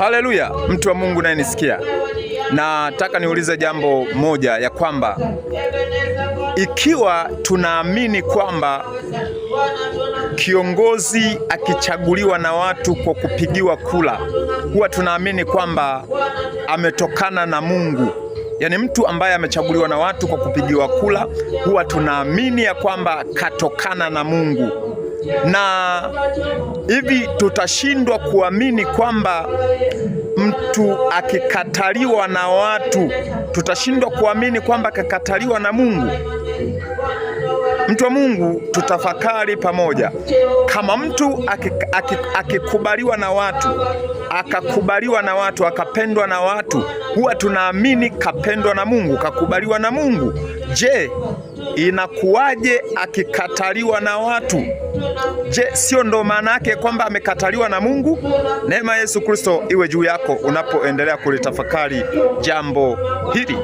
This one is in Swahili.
Haleluya, mtu wa Mungu nayenisikia, nataka niulize jambo moja ya kwamba ikiwa tunaamini kwamba kiongozi akichaguliwa na watu kwa kupigiwa kula, huwa tunaamini kwamba ametokana na Mungu. Yaani, mtu ambaye amechaguliwa na watu kwa kupigiwa kula, huwa tunaamini ya kwamba katokana na Mungu na hivi tutashindwa kuamini kwamba mtu akikataliwa na watu, tutashindwa kuamini kwamba akikataliwa na Mungu? Mtu wa Mungu, tutafakari pamoja. Kama mtu akikubaliwa na watu, akakubaliwa na watu, akapendwa na watu, huwa tunaamini kapendwa na Mungu, kakubaliwa na Mungu. Je, inakuwaje akikataliwa na watu? Je, sio ndo maana yake kwamba amekataliwa na Mungu? Neema Yesu Kristo iwe juu yako unapoendelea kulitafakari jambo hili.